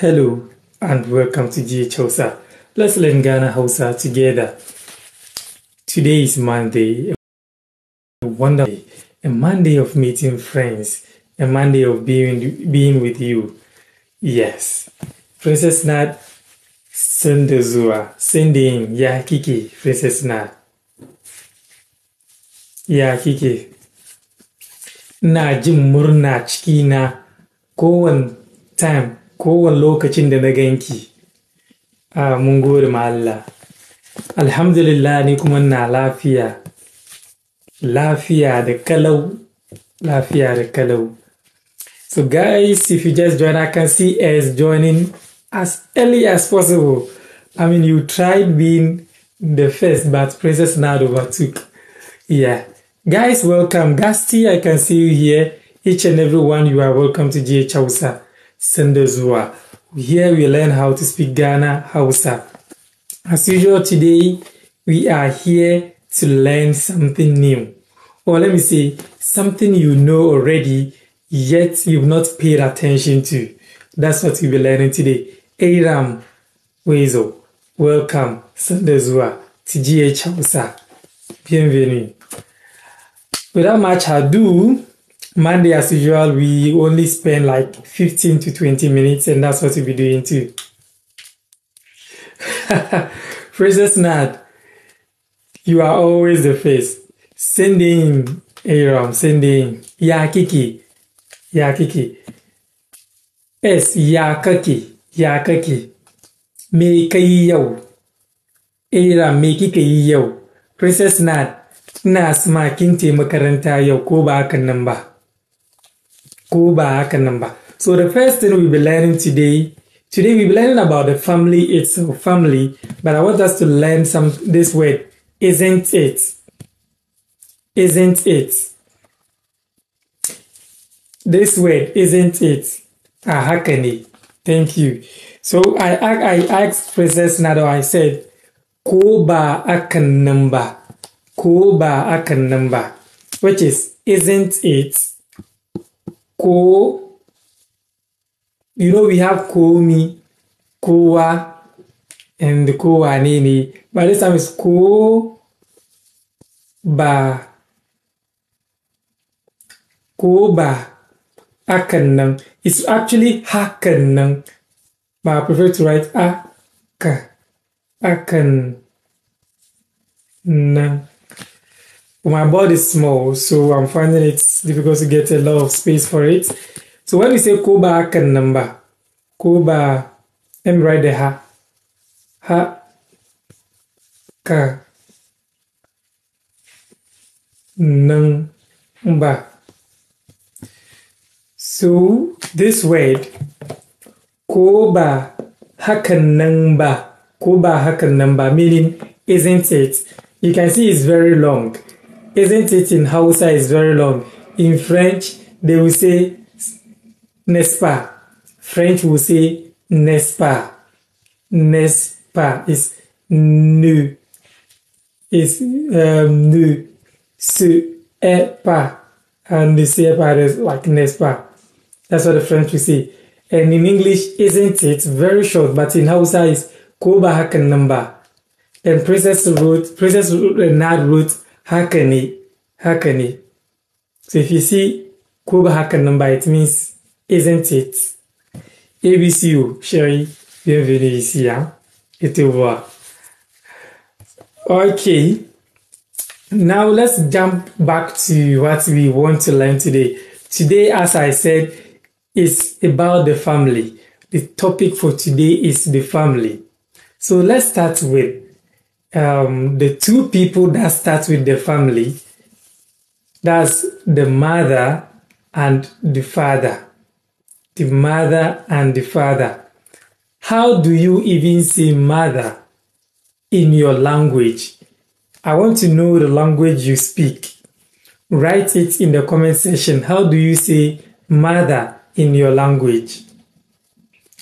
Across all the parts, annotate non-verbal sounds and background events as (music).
Hello and welcome to GH Hausa. Let's learn Ghana Hausa together. Today is Monday, a wonderful day, a Monday of meeting friends, a Monday of being being with you. Yes, Princess Nad Sendezua, sending ya kiki, Princess Nad. Ya kiki. Na Jim murna cikina kowane time kowane lokacin da na ganki. A mun gode ma Alhamdulillah ni kuma na lafiya. Lafiya da kalau. Lafiya da kalau. So guys, if you just join, I can see as joining as early as possible. I mean, you tried being the first, but Princess now overtook. Yeah. Guys, welcome. Gasti, I can see you here. Each and every one, you are welcome to GH Hausa. Sendezua. Here we learn how to speak Ghana Hausa. As usual today, we are here to learn something new. Or let me say, something you know already, yet you've not paid attention to. That's what we'll be learning today. Aram Wezo, welcome. Sendezua, TGH Hausa. Bienvenue. Without much ado, Monday, as usual, we only spend like 15 to 20 minutes, and that's what we'll be doing too. (laughs) Princess Nad, you are always the face. Send in, Aram, send in. Ya Kiki, Ya Kiki. S, Ya Kaki, Ya Kaki. Aram, make it yi Princess Nad, ina smakin makaranta yo ko ba hakan go back a number. So the first thing we'll be learning today, today we'll be learning about the family itself, family, but I want us to learn some this word, isn't it? Isn't it? This word, isn't it? Ahakani. Thank you. So I I, I asked Princess Nado, I said, ko ba akan number. ba akan number. Which is, isn't it? ko. You know, we have komi, kowa, and nini But this time it's ko ba. Ko ba. Akan nan. It's actually hakan But I prefer to write a ka. Akan my board is small, so I'm finding it difficult to get a lot of space for it. So when we say koba can number, koba, let me write the ha, ha, ka, number. So this word, koba hakan number, koba hakan number, meaning isn't it? You can see it's very long isn't it in Hausa is very long. In French, they will say Nespa. French will say Nespa. Nespa is ne. Is um, ne. se est pas. And the ce pas is like Nespa. That's what the French will say. And in English, isn't it? Very short, but in Hausa it's Koba Hakan number. And Princess wrote, Princess Renard wrote haka ne, haka ne. So if you see kuba haka number, it means isn't it? ABCU, Sherry, bienvenue ici, hein? Et te voir. Okay. Now let's jump back to what we want to learn today. Today, as I said, is about the family. The topic for today is the family. So let's start with um, the two people that starts with the family, that's the mother and the father. The mother and the father. How do you even say mother in your language? I want to know the language you speak. Write it in the comment section. How do you say mother in your language?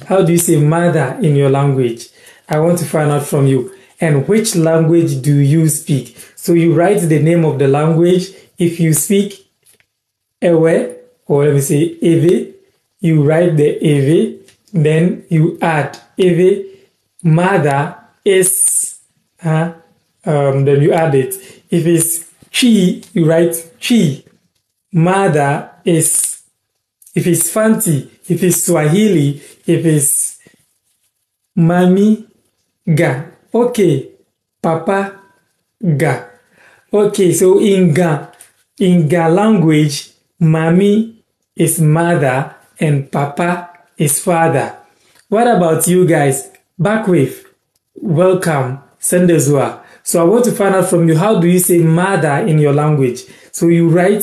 How do you say mother in your language? I want to find out from you and which language do you speak? So you write the name of the language. If you speak Ewe, or let me say Ewe, you write the Ewe, then you add Ewe, mother is, huh? um, then you add it. If it's chi, you write chi, mother is. If it's Fanti, if it's Swahili, if it's Mami, Ga, Okay, Papa Ga. Okay, so in Ga, in Ga language, mommy is mother and papa is father. What about you guys? Back with, welcome, Sendezua. So I want to find out from you, how do you say mother in your language? So you write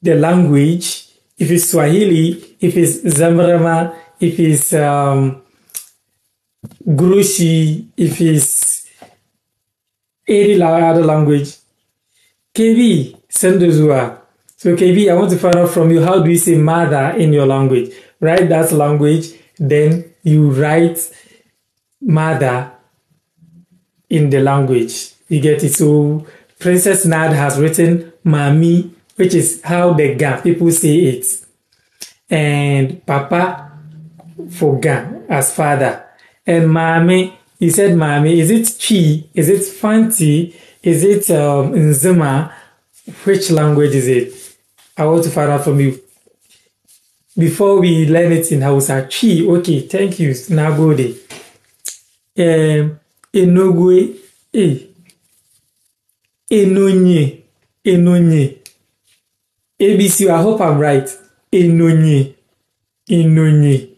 the language, if it's Swahili, if it's Zambrama, if it's um, Gurushi, if it's any other language. KB, Sendozua. So KB, I want to find out from you, how do you say mother in your language? Write that language, then you write mother in the language. You get it? So Princess Nad has written Mami, which is how the Ga people say it. And Papa for Ga as father. And eh, Mame, he said Mame. Is it Chi? Is it Fanti? Is it um, Nzima? Which language is it? I want to find out from you. Before we learn it in Hausa, Chi, okay, thank you, Nagode. Um, Enogwe, eh. Enonye, Enonye. ABC, I hope I'm right. Enonye, Enonye.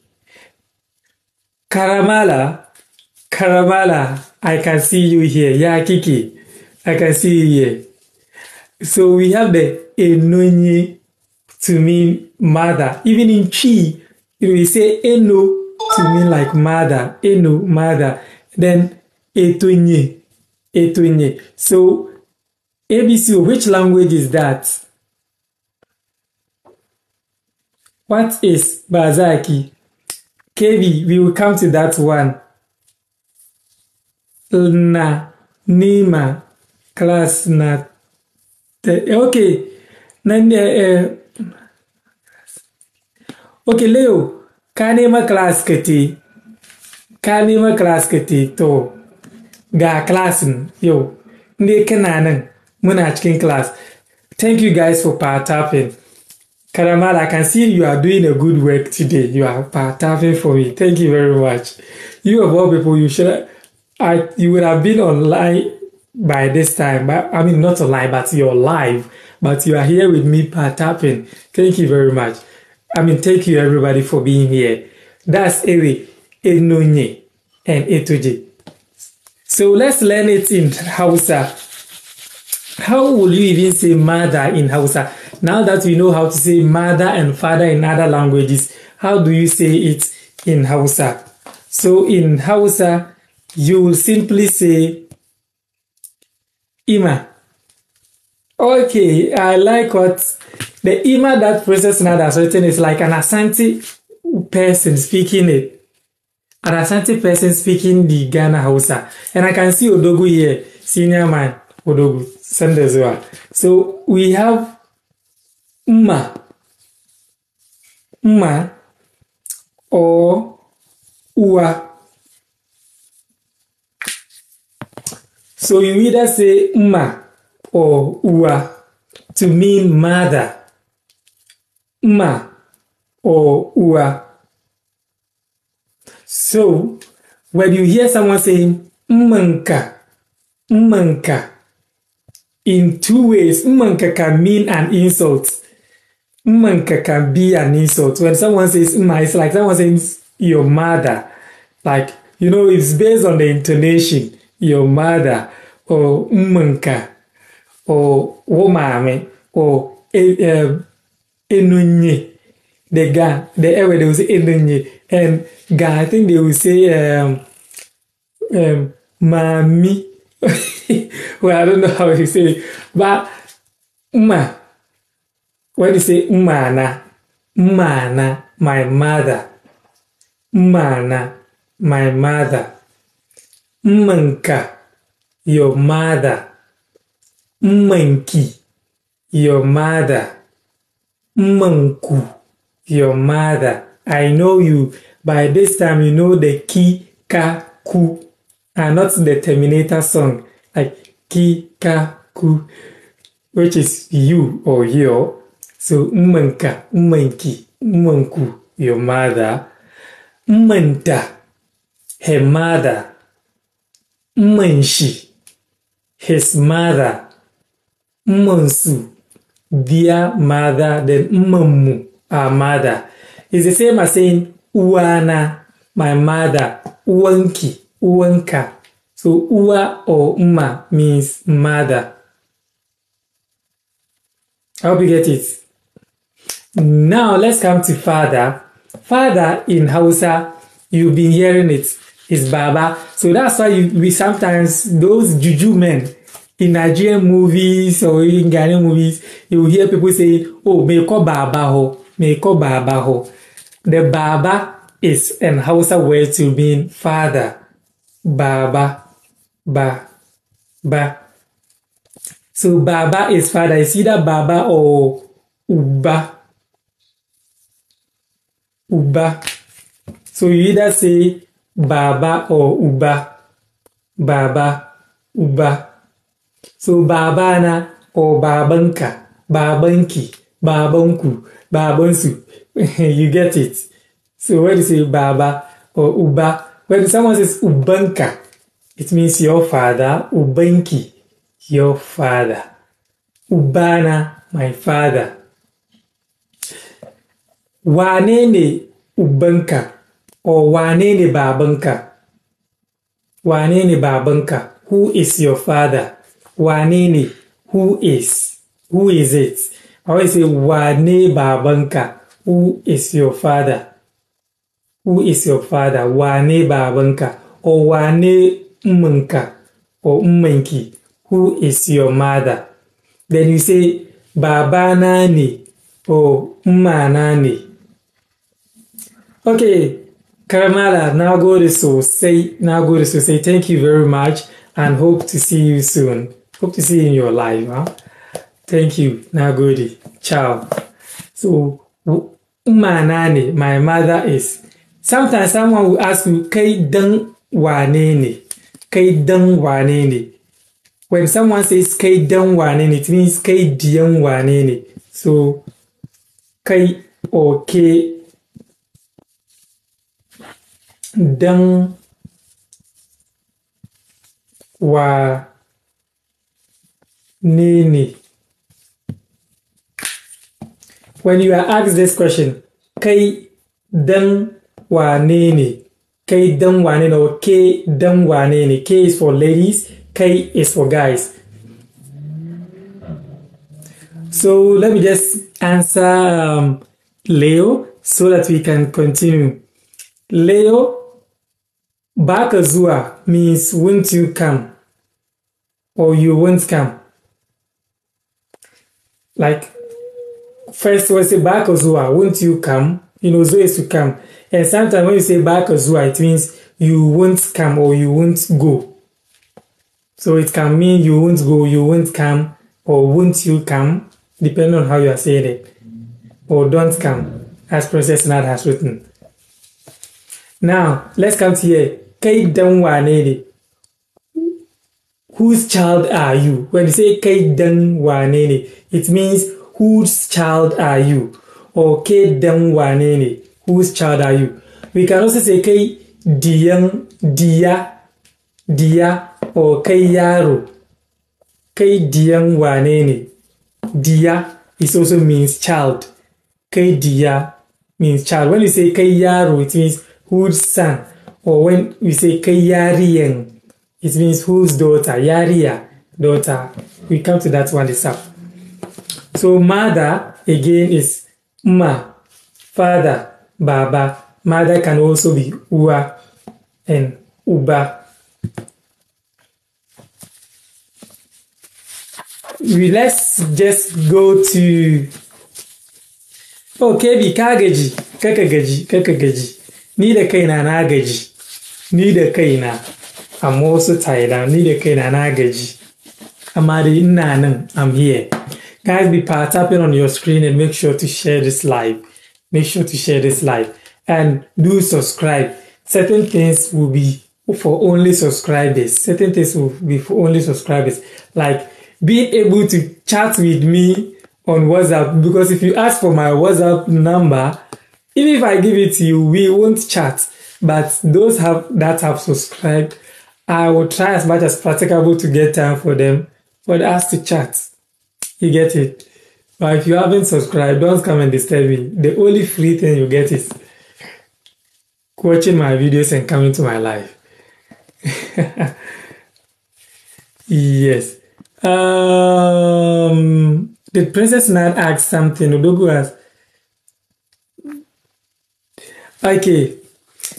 Karamala, Karamala, I can see you here. Yeah, Kiki, I can see you here. So we have the Enonyi to mean mother. Even in Chi, you we say Eno to mean like mother, Eno, mother. Then Etonye, Etonye. So ABC, which language is that? What is Bazaki? Kv, we will come to that one. Na, Nima, class na. Okay. Eh, okay, Leo, ka nema class ka te, ka class ka to ga class yo. ne kana class. Thank you guys for participating. Karamala, I can see you are doing a good work today. You are tapping for me. Thank you very much. You of all people, you should, I, you would have been online by this time. But, I mean, not online, but you're live. But you are here with me, tapping. Thank you very much. I mean, thank you everybody for being here. That's Ewe, Enonye, and Etuji. So let's learn it in Hausa. How will you even say mother in Hausa? Now that we know how to say mother and father in other languages, how do you say it in Hausa? So in Hausa, you will simply say Ima. Okay, I like what the Ima that Princess Nada has written is like an Asante person speaking it. An Asante person speaking the Ghana Hausa. And I can see Odogu here, senior man, Odogu, Sandezwa. So we have ma ma o uwa. so you either say ma or uwa to mean mother ma or uwa. so when you hear someone saying manka manka in two ways manka can mean an insult Manka can be an insult. When someone says Uma, it's like someone says your mother. Like, you know, it's based on the intonation, your mother, or Manka, or Womame, or um, Enunye. The guy, the ever they will say Enunye. And guy, I think they will say, um, um, Mami. (laughs) well, I don't know how you say it, but Uma. Why do you say mana? Mana, my mother. Mana, my mother. Manka, your mother. Manki, your mother. Manku, your mother. I know you. By this time, you know the ki, ka, ku. And not the Terminator song. Like ki, ka, ku. Which is you or your. So, ummanka, ummanki, ummanku, your mother. Ummanta, her mother. Ummanshi, his mother. Ummansu, their mother. Then ummanmu, our mother. It's the same as saying uwana, my mother. Uwanki, uwanka. So, uwa or umma means mother. I hope you get it. Now let's come to father. Father in Hausa, you've been hearing it, is Baba. So that's why you, we sometimes, those juju men in Nigerian movies or in Ghanaian movies, you hear people say, oh, may call Baba ho, may call Baba ho. The Baba is in Hausa word to mean father. Baba, ba, ba. So Baba is father. It's either Baba or Uba. uba. So you either say baba or uba. Baba, uba. So babana or babanka, babanki, babanku, babansu. (laughs) you get it. So when you say baba or uba, when someone says ubanka, it means your father, ubanki, your father. Ubana, my father. wane ne ubanka or wane ne babanka wane ne babanka who is your father wane ne who is who is it i always say wane babanka who is your father who is your father wane babanka or wane ummanka or ummanki who is your mother then you say babana ne or umma na Okay, Karamala, na gode sosai, na gode sosai. Thank you very much and hope to see you soon. Hope to see you in your life. Huh? Thank you, na gode. Ciao. So, umana ne, my mother is. Sometimes someone will ask me, kai dan wane ne? Kai dan wane ne? When someone says kai dan wane ne, it means kai diyan wane ne. So, kai okay wa ni. When you are asked this question, kai dan wanene? Kai dan wanene or ke dan K is for ladies, K is for guys. So let me just answer um, Leo so that we can continue. Leo Baka zua means won't you come or you won't come. Like first we say baka zua, won't you come? You know, so is to come. And sometimes when you say baka zua, it means you won't come or you won't go. So it can mean you won't go, you won't come, or won't you come, depending on how you are saying it. Or don't come, as Princess Nad has written. Now, let's come to here kai dan wane ne whose child are you when you say kai dan wane ne it means whose child are you or kai dan wane ne whose child are you we can also say kai diyan diya diya or kai yaro kai diyan wane ne diya is also means child kai diya means child when you say kai yaro it means whose son or when we say Kayarieng, it means whose daughter, Yaria, daughter. We come to that one itself. So mother again is ma, father, baba. Mother can also be ua and uba. We let's just go to okay, oh, bi Kageji gaji, kaka gaji, kaka gaji. Ni da ni da kaina amma wasu Thailand ni da kaina na gaji amma dai ina nan I'm here guys be part tapping on your screen and make sure to share this live make sure to share this live and do subscribe certain things will be for only subscribers certain things will be for only subscribers like being able to chat with me on WhatsApp because if you ask for my WhatsApp number, even if I give it to you, we won't chat. But those have that have subscribed, I will try as much as practicable to get time for them for us to chat. You get it? But if you haven't subscribed, don't come and disturb me. The only free thing you get is watching my videos and coming to my life. (laughs) yes. Um, the Princess Man ask something. Odogo asked. Okay.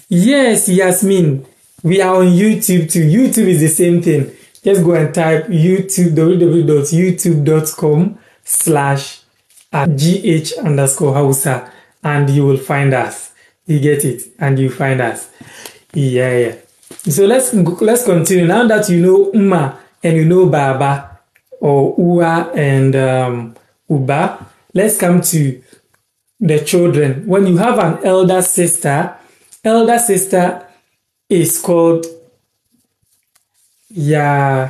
Yes, Yasmin. We are on YouTube too. YouTube is the same thing. Just go and type YouTube www.youtube.com slash gh underscore Hausa and you will find us. You get it, and you find us. Yeah, yeah. So let's let's continue. Now that you know Uma and you know Baba or Ua and um, Uba, let's come to the children. When you have an elder sister, elder sister is called Ya.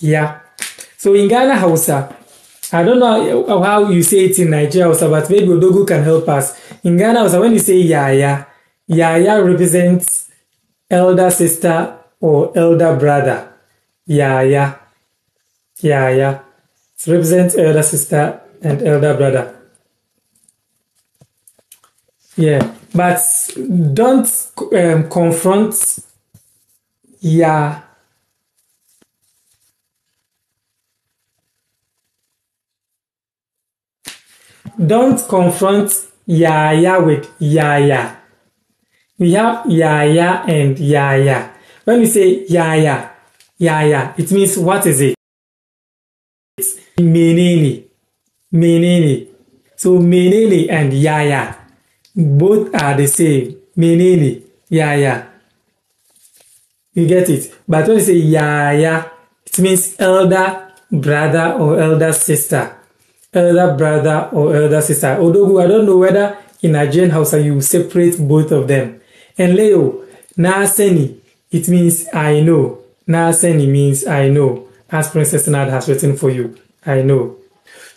Ya. So in Ghana Hausa, I don't know how you say it in Nigeria Hausa, but maybe Odogu can help us. In Ghana Hausa, when you say ya ya represents elder sister or elder brother. ya ya. It represents elder sister and elder brother. Yeah, but don't um, confront your don't confront Yaya with Yaya. We have Yaya and Yaya. When we say Yaya, Yaya, it means what is it? It's menene, menene. So menene and Yaya. both are the same menene yaya you get it but when you say yaya it means elder brother or elder sister elder brother or elder sister odogu i don't know whether in nigerian hausa you separate both of them and leo naseni it means i know Naaseni means i know as princess nad has written for you i know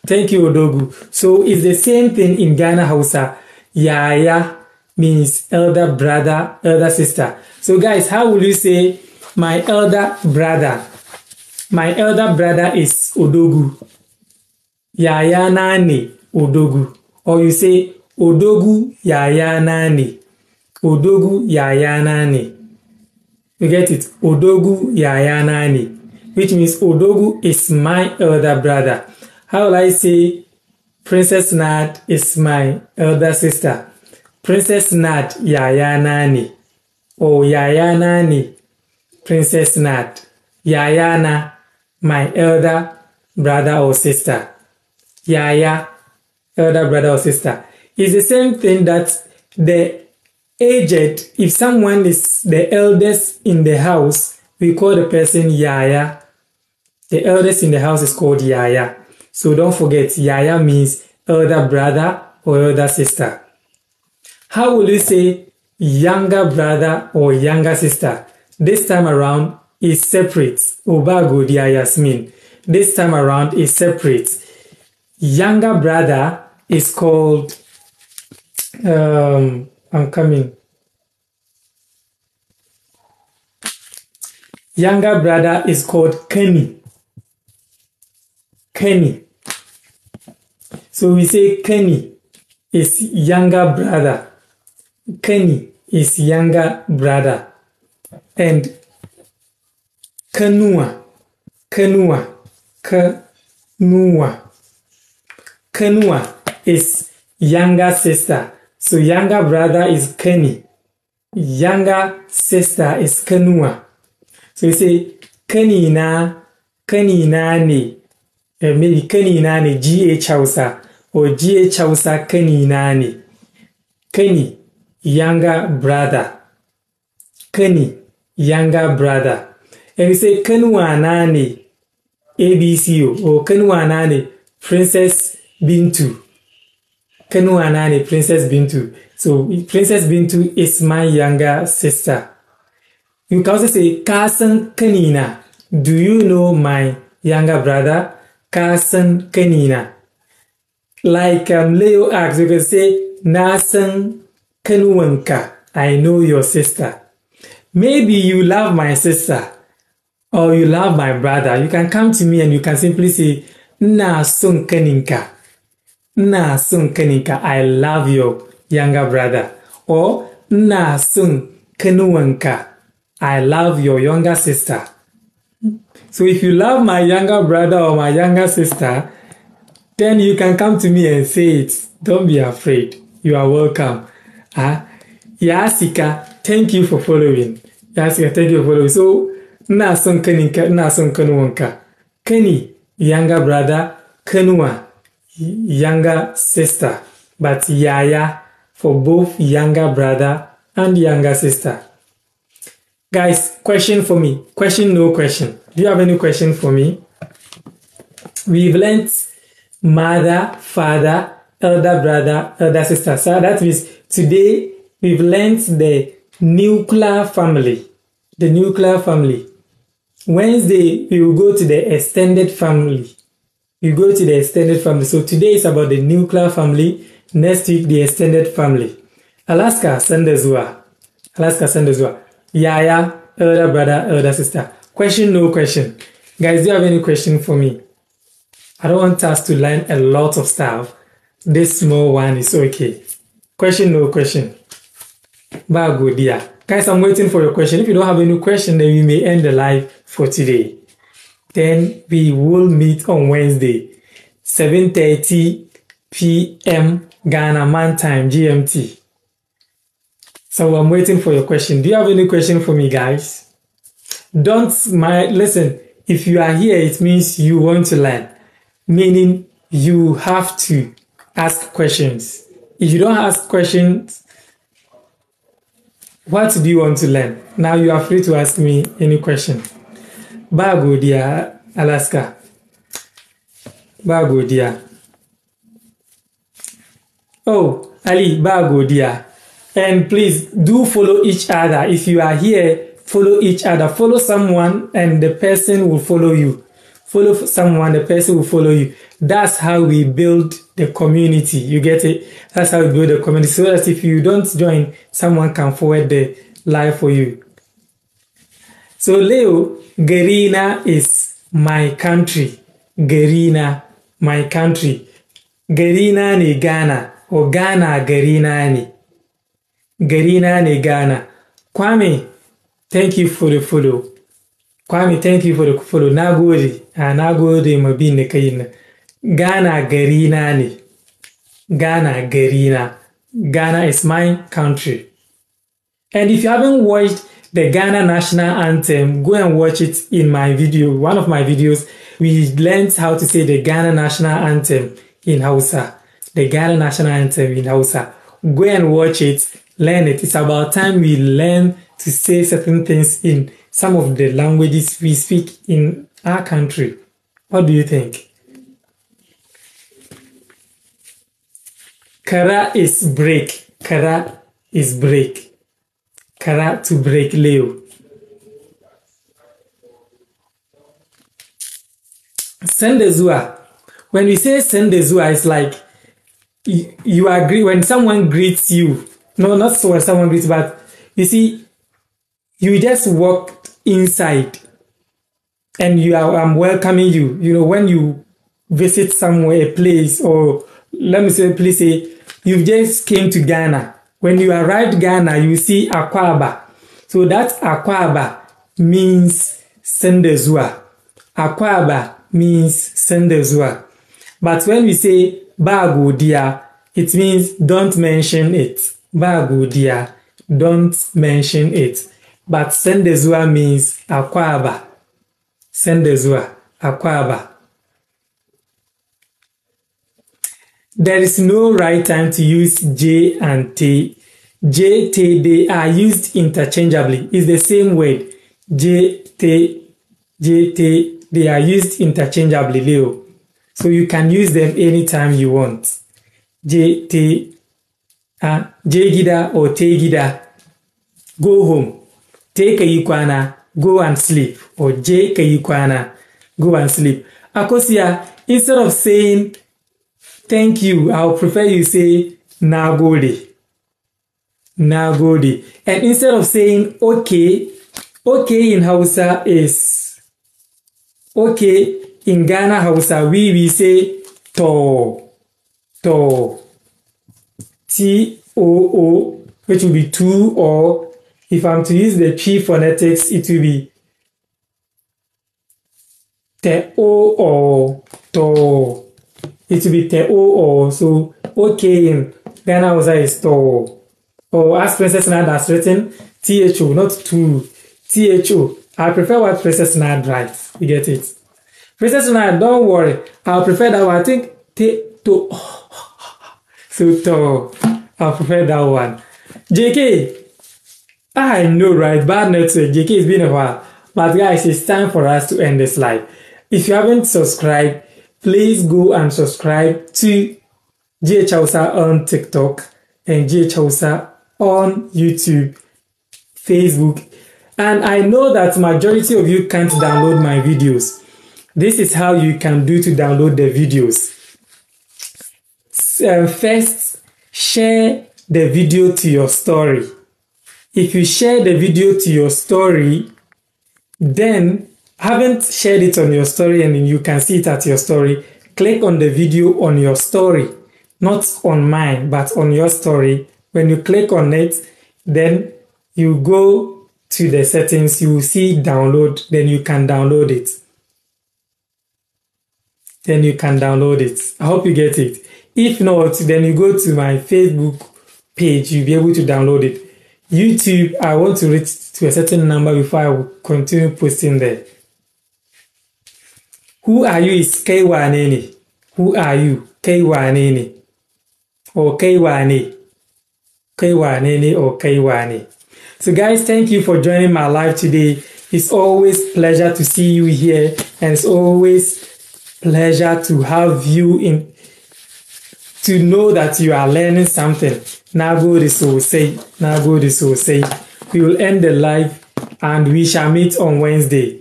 thank you odogu so it's the same thing in ghana hausa Yaya means elder brother, elder sister. So guys, how will you say my elder brother? My elder brother is Odogu. Yaya nani Odogu. Or you say Odogu Yaya nani. Odogu Yaya nani. You get it? Odogu Yaya nani. Which means Odogu is my elder brother. How will I say Princess Nat is my elder sister. Princess Nat Yaya Nani. Oh, Yaya Nani. Princess Nat. Yayana, my elder brother or sister. Yaya, elder brother or sister. It's the same thing that the aged, if someone is the eldest in the house, we call the person Yaya. The eldest in the house is called Yaya. So don't forget, Yaya means elder brother or elder sister. How will you say younger brother or younger sister? This time around is separate. Obago dia Yasmin. This time around is separate. Younger brother is called, um, I'm coming. Younger brother is called Kenny. Kenny. So we say Kenny is younger brother. Kenny is younger brother. And Kanua, Kanua, Kanua. Kanua is younger sister. So younger brother is Kenny. Younger sister is Kanua. So you say Kenina, Kenina ne. Uh, maybe Kenina ne, GH Hausa. Ojiye Chausa Keni nani? Keni, younger brother, Keni, younger brother. And say kanwa na ABCO or kanwa na Princess Bintu. Kenu anani? Princess Bintu. So Princess Bintu is my younger sister. You can also say Kasan Kenina. Do you know my younger brother? Kasan Kenina? Like um, Leo asks, you can say, Nasan Kanuanka. I know your sister. Maybe you love my sister or you love my brother. You can come to me and you can simply say, Nasun Kaninka. Nasun keninka. I love your younger brother. Or Nasun Kanuanka. I love your younger sister. So if you love my younger brother or my younger sister, then you can come to me and say it. Don't be afraid. You are welcome. Ah, Yasika, thank you for following. Yasika, thank you for following. So, na son ka, na son kenuanka. Kenny, younger brother, kenua younger sister, but yaya for both younger brother and younger sister. Guys, question for me. Question, no question. Do you have any question for me? We've learnt mother, father, elder brother, elder sister. So that means today we've learned the nuclear family. The nuclear family. Wednesday, we will go to the extended family. We go to the extended family. So today is about the nuclear family. Next week, the extended family. Alaska Sandezua. Alaska Sandezua. Yaya, elder brother, elder sister. Question, no question. Guys, do you have any question for me? I don't want us to learn a lot of stuff. This small one is okay. Question, no question. good, dear. Guys, I'm waiting for your question. If you don't have any question, then we may end the live for today. Then we will meet on Wednesday, 7.30 p.m. Ghana Man Time, GMT. So I'm waiting for your question. Do you have any question for me, guys? Don't my listen. If you are here, it means you want to learn meaning you have to ask questions. If you don't ask questions, what do you want to learn? Now you are free to ask me any question. Bago Alaska. Bago Oh, Ali, Bago And please do follow each other. If you are here, follow each other. Follow someone and the person will follow you follow someone, the person will follow you. That's how we build the community. You get it? That's how we build the community. So that if you don't join, someone can forward the life for you. So Leo, Gerina is my country. Gerina, my country. Gerina ni Ghana. Or Ghana, Gerina ni. Gerina ni Ghana. Kwame, thank you for the follow. Kwame, thank you for the follow. Nagode. A ah, na gode ma bin da kayi nan. Ghana gari na ne. Ghana gari na. Ghana is my country. And if you haven't watched the Ghana national anthem, go and watch it in my video, one of my videos. We learned how to say the Ghana national anthem in Hausa. The Ghana national anthem in Hausa. Go and watch it, learn it. It's about time we learn to say certain things in some of the languages we speak in our country. What do you think? Kara is break. Kara is break. Kara to break Leo. Sendezua. When we say sendezua, it's like you, you agree when someone greets you. No, not so when someone greets, but you see, you just walk inside and you are I'm welcoming you. You know, when you visit somewhere, a place, or let me say, please say, you have just came to Ghana. When you arrived Ghana, you see Akwaba. So that Akwaba means Sendezua. Akwaba means Sendezua. But when we say dia, it means don't mention it. dia, don't mention it. But Sendezua means Aquaba. Sendezua, Aquaba. There is no right time to use J and T. J, T, they are used interchangeably. It's the same word. J, T, J, T, they are used interchangeably, Leo. So you can use them anytime you want. J, T, uh, J, Gida or T, Gida. Go home. je ka yi kwana go and sleep or je ka yi kwana go and sleep akosia instead of saying thank you i would prefer you say na gode na gode and instead of saying okay okay in hausa is okay in ghana hausa we we say too, too, t o o which will be two or If I'm to use the P phonetics, it will be te o o to. It will be te o o. So okay in Ghana was is to. Or oh, as Princess Nada, has written, THO, not two. H O. I prefer what Princess Nad writes. You get it? Princess Nad, don't worry. I'll prefer that one. I think te to. (laughs) So to. I'll prefer that one. JK, I know, right? Bad news. JK, it's been a while. But guys, it's time for us to end this live. If you haven't subscribed, please go and subscribe to GH on TikTok and GH on YouTube, Facebook. And I know that majority of you can't download my videos. This is how you can do to download the videos. So uh, first, share the video to your story if you share the video to your story, then haven't shared it on your story and you can see it at your story, click on the video on your story, not on mine, but on your story. When you click on it, then you go to the settings, you will see download, then you can download it. Then you can download it. I hope you get it. If not, then you go to my Facebook page, you'll be able to download it. YouTube, I want to reach to a certain number before I will continue posting there. Who are you is k Who are you? Kwanini? Or k 1 or k So guys, thank you for joining my live today. It's always pleasure to see you here and it's always pleasure to have you in to know that you are learning something Na gode Nagori na We will end the live and we shall meet on Wednesday.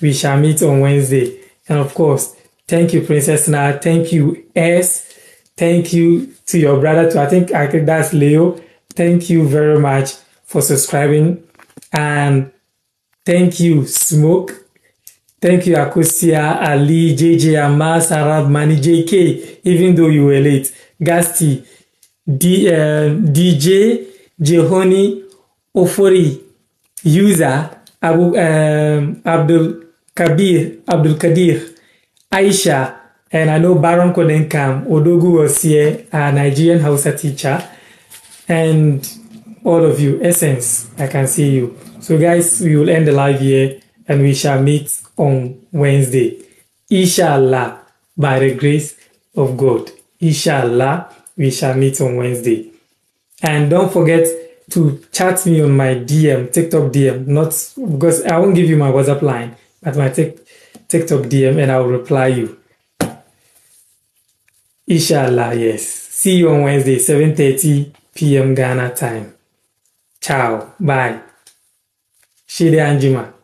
We shall meet on Wednesday. And of course, thank you, Princess Na. Thank you, S. Thank you to your brother, too. I think, I think that's Leo. Thank you very much for subscribing. And thank you, Smoke. Thank you, Akosia, Ali, JJ, Amas, Arab, Mani, JK, even though you were late. Gasti, D, uh, DJ Jehoni Ofori, user Abu um, Abdul Kabir Abdul Kadir, Aisha, and I know Baron Kodenkam Odogu was here, a Nigerian Hausa teacher, and all of you, Essence, I can see you. So, guys, we will end the live here and we shall meet on Wednesday. Inshallah, by the grace of God. Inshallah we shall meet on Wednesday. And don't forget to chat me on my DM, TikTok DM, not because I won't give you my WhatsApp line, but my tic, TikTok DM and I'll reply you. Inshallah, yes. See you on Wednesday, 7.30 p.m. Ghana time. Ciao. Bye. Shide Anjima.